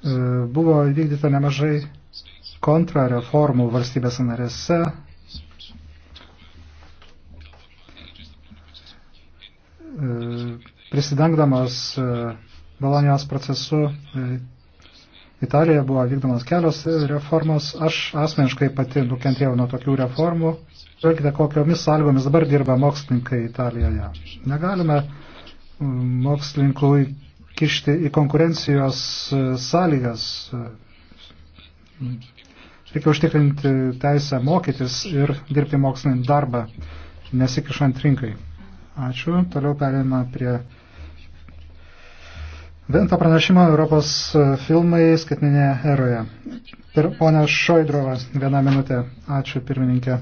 E, buvo įvykdyta nemažai kontrareformų valstybės narėse. E, prisidengdamas e, Balonijos procesu e, Italijoje buvo vykdomas kelios reformos. Aš asmeniškai pati nukentėjau nuo tokių reformų. Žiūrėkite, kokiomis sąlygomis dabar dirba mokslininkai Italijoje. Negalime mokslininkų kišti į konkurencijos sąlygas Reikia užtikrinti teisę mokytis ir dirbti mokslinį darbą, nesikišant rinkai. Ačiū. Toliau perėmame prie Vento pranešimo Europos filmai skaitminėje eroje. Ir ponia Šoidrova, vieną minutę. Ačiū pirmininkė.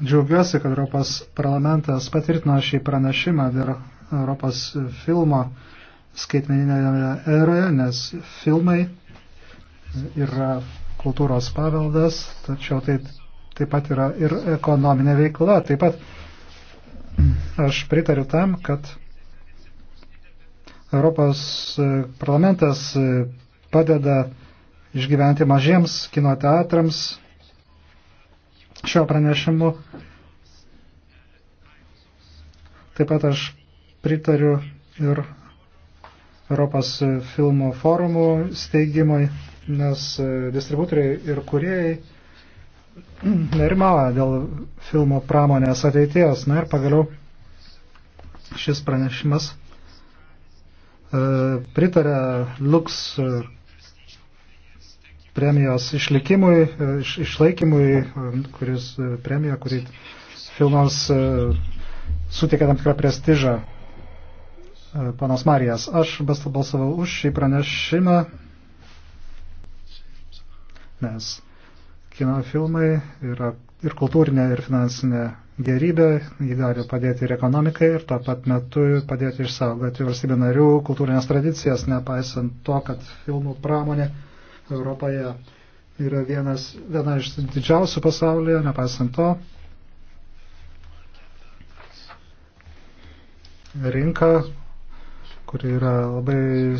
Džiaugiuosi, kad Europos parlamentas patvirtino šį pranešimą dėl Europos filmo skaitmeninėje eroje, nes filmai yra kultūros paveldas, tačiau tai taip pat yra ir ekonominė veikla. Taip pat aš pritariu tam, kad Europos parlamentas padeda išgyventi mažiems kino teatrams šio pranešimu. Taip pat aš pritariu ir Europos filmų forumų steigimui, nes e, distributoriai ir kuriejai nerimauja dėl filmų pramonės ateities. Na ir pagaliau šis pranešimas e, pritarė Lux premijos išlikimui, e, iš, išlaikymui, kuris premija, kurį filmas suteikia tam tikrą prestižą panas Marijas. Aš balsavau už šį pranešimą, nes kino filmai yra ir kultūrinė, ir finansinė gerybė, jį gali padėti ir ekonomikai, ir tuo pat metu padėti išsaugoti valstybė narių kultūrinės tradicijas, nepaisant to, kad filmų pramonė Europoje yra vienas, viena iš didžiausių pasaulyje, nepaisant to. Rinka kuri yra labai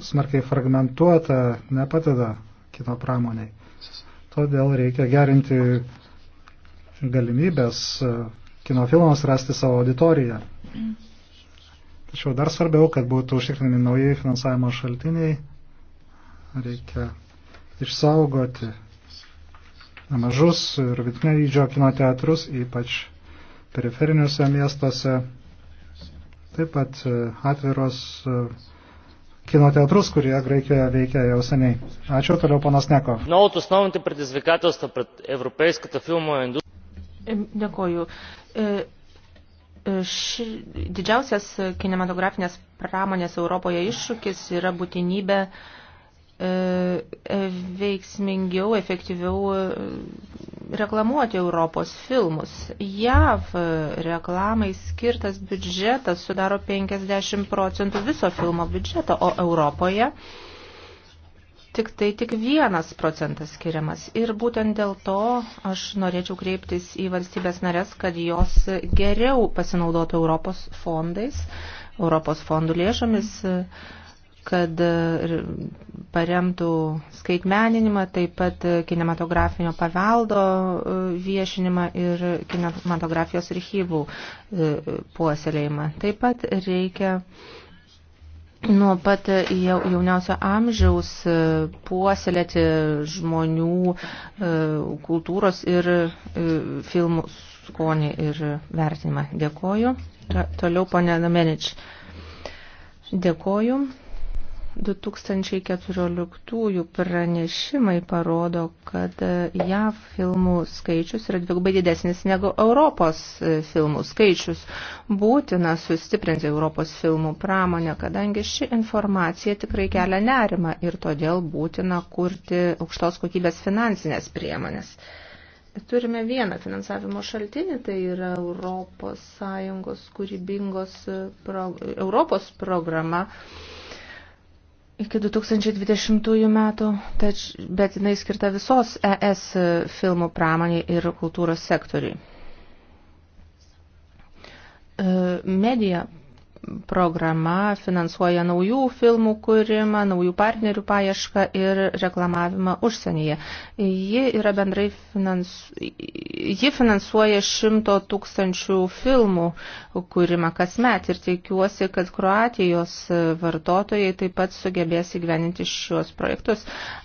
smarkiai fragmentuota, nepadeda kino pramoniai. Todėl reikia gerinti galimybės e, kinofilmams rasti savo auditoriją. Tačiau dar svarbiau, kad būtų užtikrinami nauji finansavimo šaltiniai, reikia išsaugoti mažus ir vidutinio dydžio kino teatrus, ypač periferiniuose miestuose Taip pat e, atviros e, kino teatrus, kurie Graikijoje veikia jau seniai. Ačiū toliau, panas Neko. Dėkoju. Ši, didžiausias kinematografinės pramonės Europoje iššūkis yra būtinybė e, veiksmingiau, efektyviau reklamuoti Europos filmus. JAV reklamai skirtas biudžetas sudaro 50 procentų viso filmo biudžeto, o Europoje tik tai tik vienas procentas skiriamas. Ir būtent dėl to aš norėčiau kreiptis į valstybės narės, kad jos geriau pasinaudotų Europos fondais, Europos fondų lėšomis. Mm kad e, paremtų skaitmeninimą, taip pat kinematografinio paveldo e, viešinimą ir kinematografijos archyvų e, puoselėjimą. Taip pat reikia nuo pat jauniausio amžiaus puoselėti žmonių kultūros ir filmų skonį ir vertinimą. Dėkoju. Toliau, ponė Namenič. Dėkoju. 2014 pranešimai parodo, kad JAV filmų skaičius yra dvigubai didesnis negu Europos e, filmų skaičius. Būtina sustiprinti Europos filmų pramonę, kadangi ši informacija tikrai kelia nerimą ir todėl būtina kurti aukštos kokybės finansinės priemonės. Turime vieną finansavimo šaltinį, tai yra Europos Sąjungos kūrybingos pro, Europos programa iki 2020 metų, tač, bet jinai skirta visos ES filmų pramoniai ir kultūros sektoriui. E, Medija programa finansuoja naujų filmų kūrimą, naujų partnerių paiešką ir reklamavimą užsienyje. Ji, yra bendrai finansu... Ji finansuoja šimto tūkstančių filmų kūrimą kasmet ir tikiuosi, kad Kroatijos vartotojai taip pat sugebės įgyveninti šios projektus.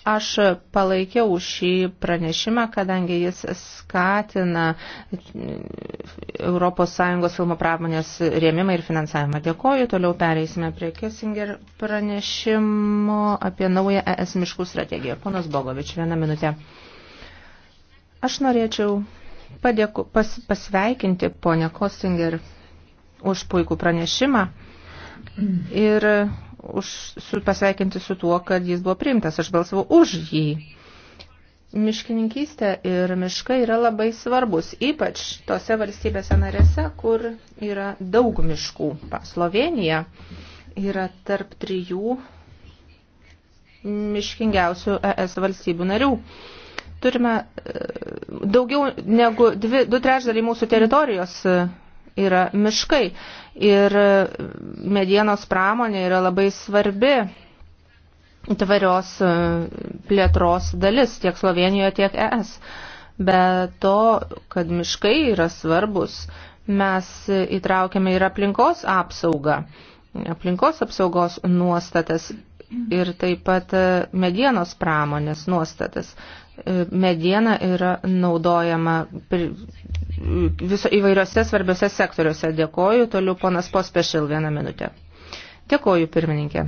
Aš palaikiau šį pranešimą, kadangi jis skatina ES filmų pramonės rėmimą ir finansavimą. Dėkoju, toliau pereisime prie Kessinger pranešimo apie naują ES miškų strategiją. Ponas Bogovič, vieną minutę. Aš norėčiau padėku, pas, pasveikinti ponę Kostinger už puikų pranešimą ir už, su, pasveikinti su tuo, kad jis buvo priimtas. Aš balsavau už jį. Miškininkystė ir miškai yra labai svarbus, ypač tose valstybėse narėse, kur yra daug miškų. Slovenija yra tarp trijų miškingiausių ES valstybių narių. Turime e, daugiau negu dvi, du trečdaliai mūsų teritorijos e, yra miškai ir e, medienos pramonė yra labai svarbi tvarios e, plėtros dalis tiek Slovenijoje, tiek ES. Be to, kad miškai yra svarbus, mes įtraukiame ir aplinkos apsaugą, aplinkos apsaugos nuostatas ir taip pat e, medienos pramonės nuostatas. E, mediena yra naudojama viso, įvairiose svarbiose sektoriuose. Dėkoju, toliau ponas Pospešil vieną minutę. Dėkoju, pirmininkė.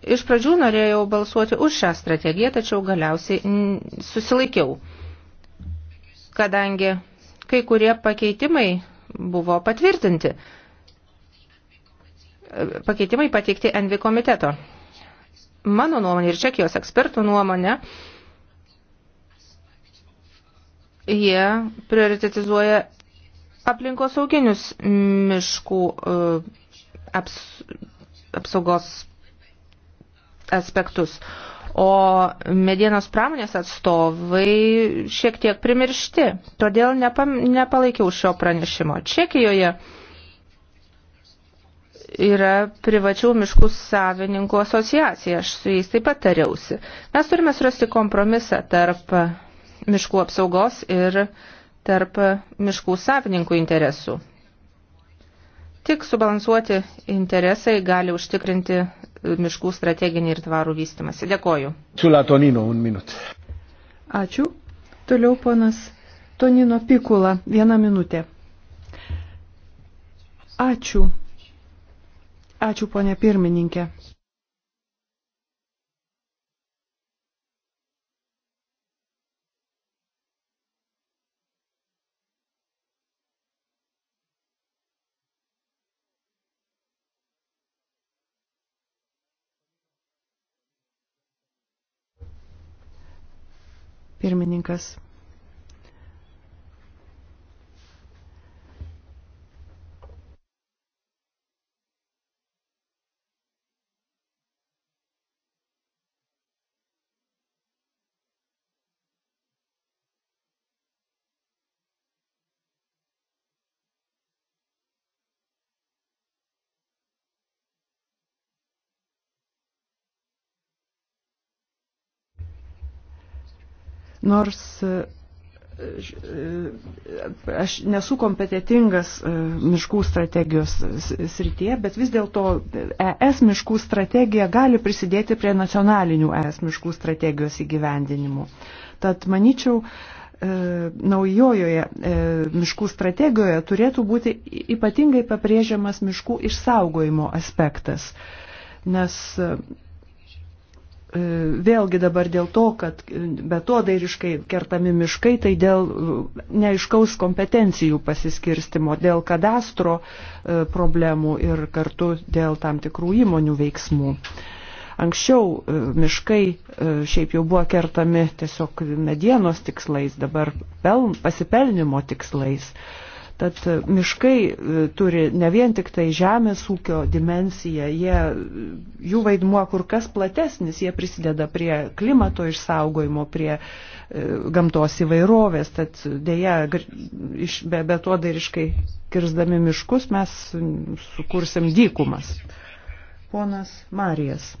Iš pradžių norėjau balsuoti už šią strategiją, tačiau galiausiai susilaikiau, kadangi kai kurie pakeitimai buvo patvirtinti. Pakeitimai pateikti Envi komiteto. Mano nuomonė ir Čekijos ekspertų nuomonė, jie prioritetizuoja aplinkosauginius miškų e, aps, apsaugos aspektus. O medienos pramonės atstovai šiek tiek primiršti, todėl nepa, nepalaikiau šio pranešimo. Čekijoje yra privačių miškų savininkų asociacija, aš su jais taip pat tariausi. Mes turime surasti kompromisą tarp miškų apsaugos ir tarp miškų savininkų interesų. Tik subalansuoti interesai gali užtikrinti miškų strateginį ir tvarų vystimąsi. Dėkoju. Siūla Tonino, un minut. Ačiū. Toliau ponas Tonino Pikula, viena minutė. Ačiū. Ačiū, ponė pirmininkė. Pirmininkas. Nors e, e, aš nesu kompetitingas e, miškų strategijos srityje, bet vis dėlto ES miškų strategija gali prisidėti prie nacionalinių ES miškų strategijos įgyvendinimų. Tad manyčiau, naujojoje miškų strategijoje turėtų būti ypatingai pabrėžiamas miškų išsaugojimo aspektas, nes E, vėlgi dabar dėl to, kad betodairiškai kertami miškai, tai dėl e, neaiškaus kompetencijų pasiskirstimo, dėl kadastro e, problemų ir kartu dėl tam tikrų įmonių veiksmų. Anksčiau miškai šiaip jau buvo kertami tiesiog medienos tikslais, dabar peln, pasipelnimo tikslais. Tad miškai e, turi ne vien tik tai žemės ūkio dimensiją, jie, jų vaidmuo kur kas platesnis, jie prisideda prie klimato išsaugojimo, prie e, gamtos įvairovės, tad dėja, iš, be, be to dariškai kirzdami miškus mes sukursim dykumas. Ponas Marijas.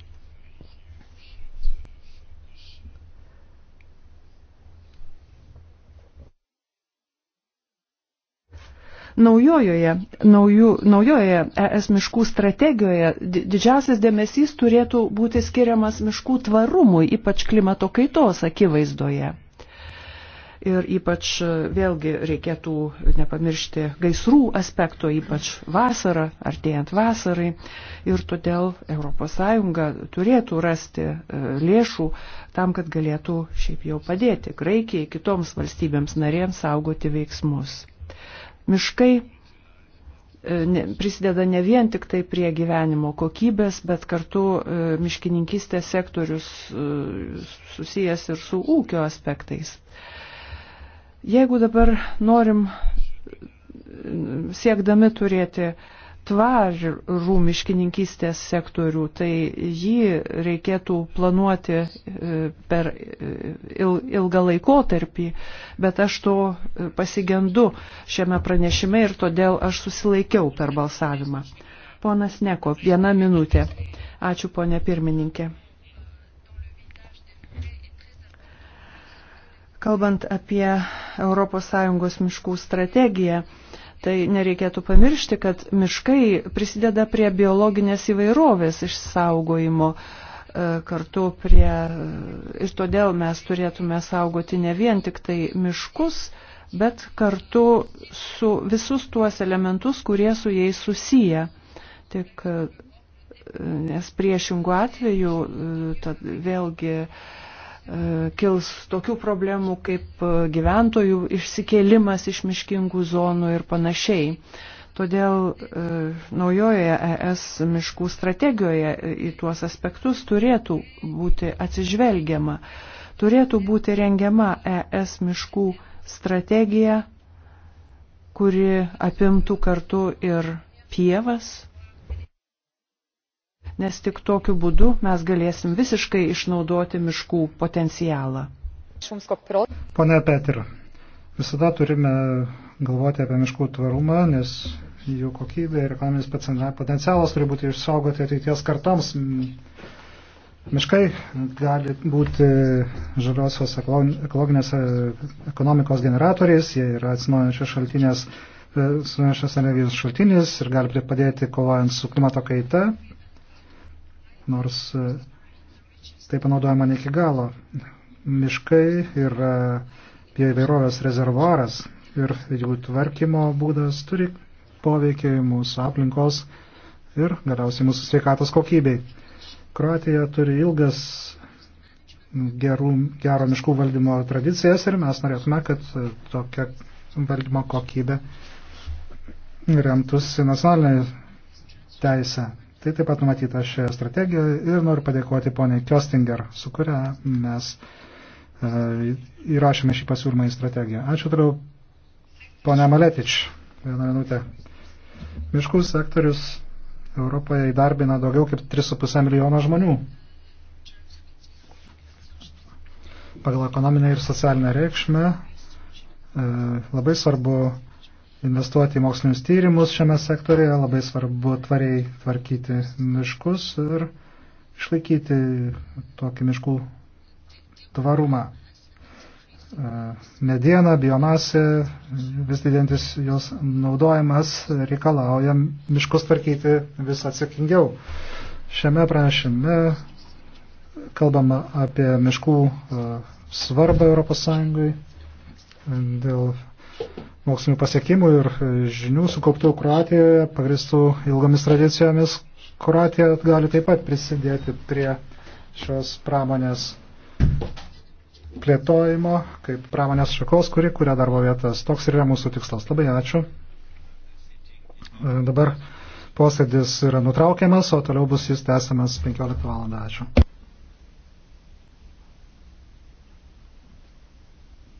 Naujojoje, naujų, naujojoje ES miškų strategijoje didžiausias dėmesys turėtų būti skiriamas miškų tvarumui, ypač klimato kaitos akivaizdoje. Ir ypač vėlgi reikėtų nepamiršti gaisrų aspekto, ypač vasarą, artėjant vasarai. Ir todėl ES turėtų rasti e, lėšų tam, kad galėtų šiaip jau padėti Graikijai, kitoms valstybėms narėms saugoti veiksmus miškai e, prisideda ne vien tik tai prie gyvenimo kokybės, bet kartu e, miškininkystės sektorius e, susijęs ir su ūkio aspektais. Jeigu dabar norim siekdami turėti uh, tvarų miškininkystės sektorių, tai jį reikėtų planuoti e, per e, ilgą laikotarpį, bet aš to e, pasigendu šiame pranešime ir todėl aš susilaikiau per balsavimą. Ponas Neko, viena minutė. Ačiū, ponė pirmininkė. Kalbant apie ES miškų strategiją, Tai nereikėtų pamiršti, kad miškai prisideda prie biologinės įvairovės išsaugojimo e, kartu prie. E, ir todėl mes turėtume saugoti ne vien tik tai miškus, bet kartu su visus tuos elementus, kurie su jais susiję. Tik e, nes priešingų atveju tad vėlgi E, kils tokių problemų kaip e, gyventojų išsikėlimas iš miškingų zonų ir panašiai. Todėl e, naujoje ES miškų strategijoje į tuos aspektus turėtų būti atsižvelgiama. Turėtų būti rengiama ES miškų strategija, kuri apimtų kartu ir pievas, nes tik tokiu būdu mes galėsim visiškai išnaudoti miškų potencialą. Pone Petir, visada turime galvoti apie miškų tvarumą, nes jų kokybė ir ekonominis potencialas turi būti išsaugoti ateities kartoms. Miškai gali būti žaliosios ekologinės e, ekonomikos generatoriais, jie yra atsinaujančios šaltinės, e, sunešęs energijos šaltinis ir gali padėti kovojant su klimato kaita nors e, tai panaudojama ne iki galo. Miškai yra bioįvairovės rezervuaras ir jų tvarkymo būdas turi poveikį mūsų aplinkos ir galiausiai mūsų sveikatos kokybei. Kroatija turi ilgas gerų, gero miškų valdymo tradicijas ir mes norėtume, kad tokia valdymo kokybė remtųsi nacionalinė teisė. Tai taip pat numatyta šioje strategijoje ir noriu padėkoti poniai Kjostinger, su kuria mes e, įrašėme šį pasiūlymą į strategiją. Ačiū toliau, ponia Maletič. Vieną minutę. Miškų sektorius Europoje įdarbina daugiau kaip 3,5 milijono žmonių. Pagal ekonominę ir socialinę reikšmę e, labai svarbu investuoti į mokslinius tyrimus šiame sektorėje, labai svarbu tvariai tvarkyti miškus ir išlaikyti tokį miškų tvarumą. E, mediena, biomasė, vis didintis jos naudojimas reikalauja miškus tvarkyti vis atsakingiau. Šiame pranešime kalbama apie miškų e, svarbą ES dėl mokslinių pasiekimų ir e, žinių sukauptų Kroatijoje, pagristų ilgomis tradicijomis. Kroatija gali taip pat prisidėti prie šios pramonės plėtojimo, kaip pramonės šakos, kuri kuria darbo vietas. Toks ir yra mūsų tikslas. Labai ačiū. E, dabar posėdis yra nutraukiamas, o toliau bus jis tęsiamas 15 val. Ačiū.